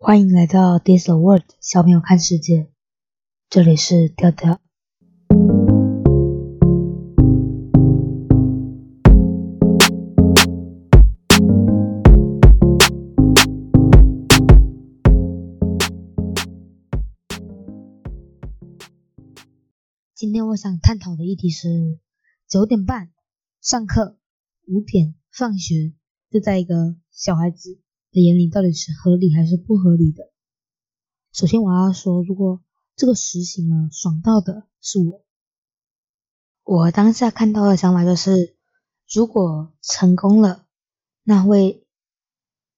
歡迎來到《Say The World》小朋友看世界，這裡是調調。今天我想探討的議題是九點半上課，五點放學，就在一個小孩子的眼裡到底是合理還是不合理的？首先我要說，如果這個實行了，爽到的是我。我當下看到的想法就是，如果成功了，那會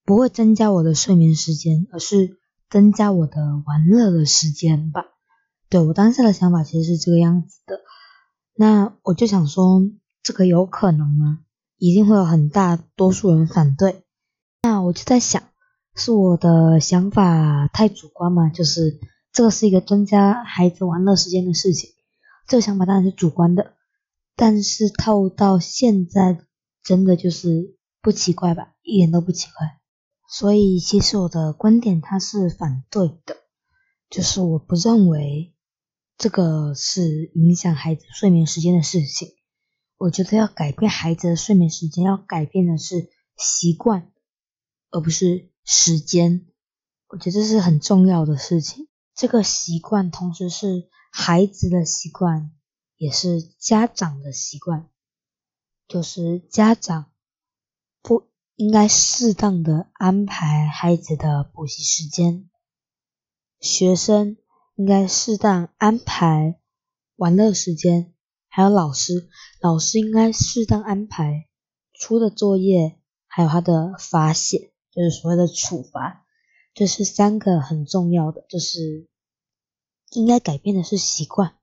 不會增加我的睡眠時間，而是增加我的玩樂的時間吧對？對，我當下的想法其實是這個樣子的。那我就想說，這個有可能嗎？一定會有很大多數人反對。我就在想，是我的想法太主觀嘛？就是這個是一個增加孩子玩樂時間的事情，這個想法當然是主觀的，但是套到現在，真的就是不奇怪吧？一點都不奇怪。所以其實我的觀點它是反對的，就是我不認為這個是影響孩子睡眠時間的事情。我覺得要改變孩子的睡眠時間，要改變的是習慣。而不是時間，我覺得這是很重要的事情。這個習慣同時是孩子的習慣，也是家長的習慣。就是家長不應該適當的安排孩子的補習時間，學生應該適當安排玩樂時間，還有老師，老師應該適當安排出的作業，還有他的罰寫。就是所謂的處罰，就是三個很重要的，就是應該改變的是習慣，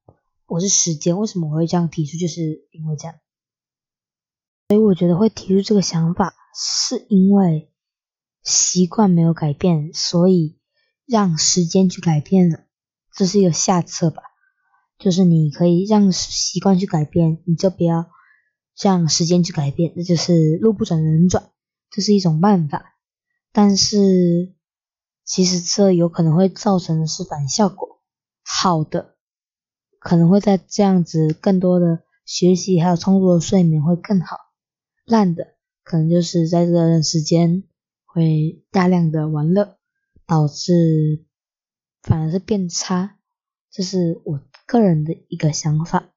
不是時間。為什麼我會這樣提出？就是因為這樣，所以我覺得會提出這個想法，是因為習慣沒有改變，所以讓時間去改變了，這是一個下策吧。就是你可以讓習慣去改變，你就不要讓時間去改變，那就是路不轉人轉，這是一種辦法。但是，其實這有可能會造成的是反效果。好的，可能會在這樣子更多的學習，還有充足的睡眠會更好。爛的，可能就是在這段時間會大量的玩樂，導致反而是變差。這是我個人的一個想法。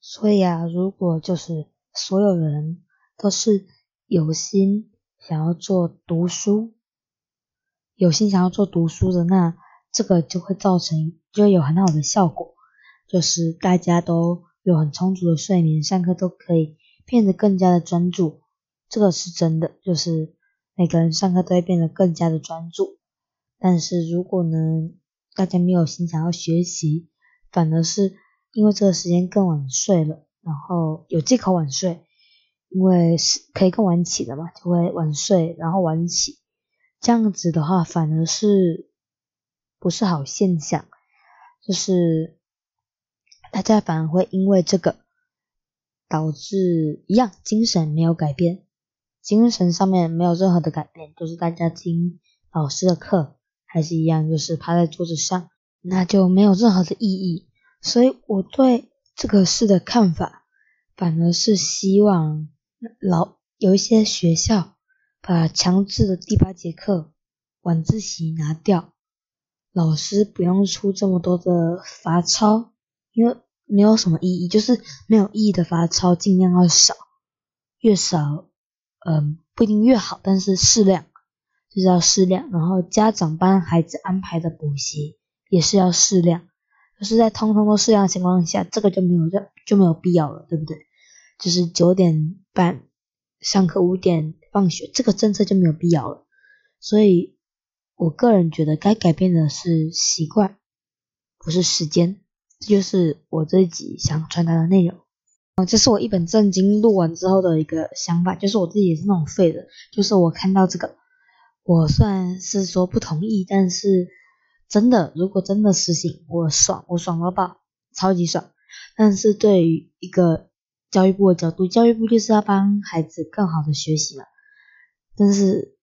所以啊，如果就是所有人都是有心。想要做讀書，有心想要做讀書的，那這個就會造成，就會有很好的效果，就是大家都有很充足的睡眠，上課都可以變得更加的專注，這個是真的，就是每個人上課都會變得更加的專注。但是如果呢，大家沒有心想要學習，反而是因為這個時間更晚睡了，然後有借口晚睡。因為是可以更晚起的嘛，就會晚睡，然後晚起，這樣子的話反而是不是好現象，就是大家反而會因為這個導致一樣精神沒有改變，精神上面沒有任何的改變，就是大家聽老師的課還是一樣，就是趴在桌子上，那就沒有任何的意義。所以我對這個事的看法反而是希望。老有一些學校把強制的第八節課晚自習拿掉，老師不用出這麼多的罰抄，因為沒有什麼意義，就是沒有意義的罰抄盡量要少，越少，嗯、呃，不一定越好，但是適量，就是要適量。然後家長幫孩子安排的補習也是要適量，就是在通通都適量的情況下，這個就沒有這，就沒有必要了，對不對？就是九點。班上課五點放學，這個政策就沒有必要了。所以，我個人覺得該改變的是習慣，不是時間。這就是我自己想傳達的內容。這是我一本正經錄完之後的一個想法，就是我自己也是那種廢的，就是我看到這個，我雖然是說不同意，但是真的，如果真的實行，我爽，我爽到爆，超級爽。但是對於一個。教育部的角度，教育部就是要幫孩子更好的學習嘛，但是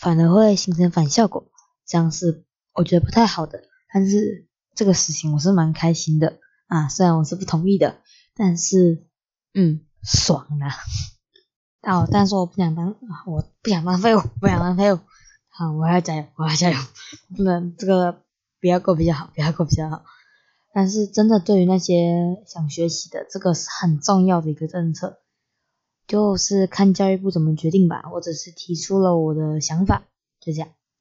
反而會形成反效果，這樣是我覺得不太好的。但是這個事情我是蠻開心的啊，雖然我是不同意的，但是嗯，爽了、啊。哦，但是我不想當，我不想當廢物，不想當廢物。好，我要加油，我要加油，不能這個不要過比較好，不要過比較好。但是，真的對於那些想學習的，這個是很重要的一個政策，就是看教育部怎麼決定吧。我只是提出了我的想法，就這樣。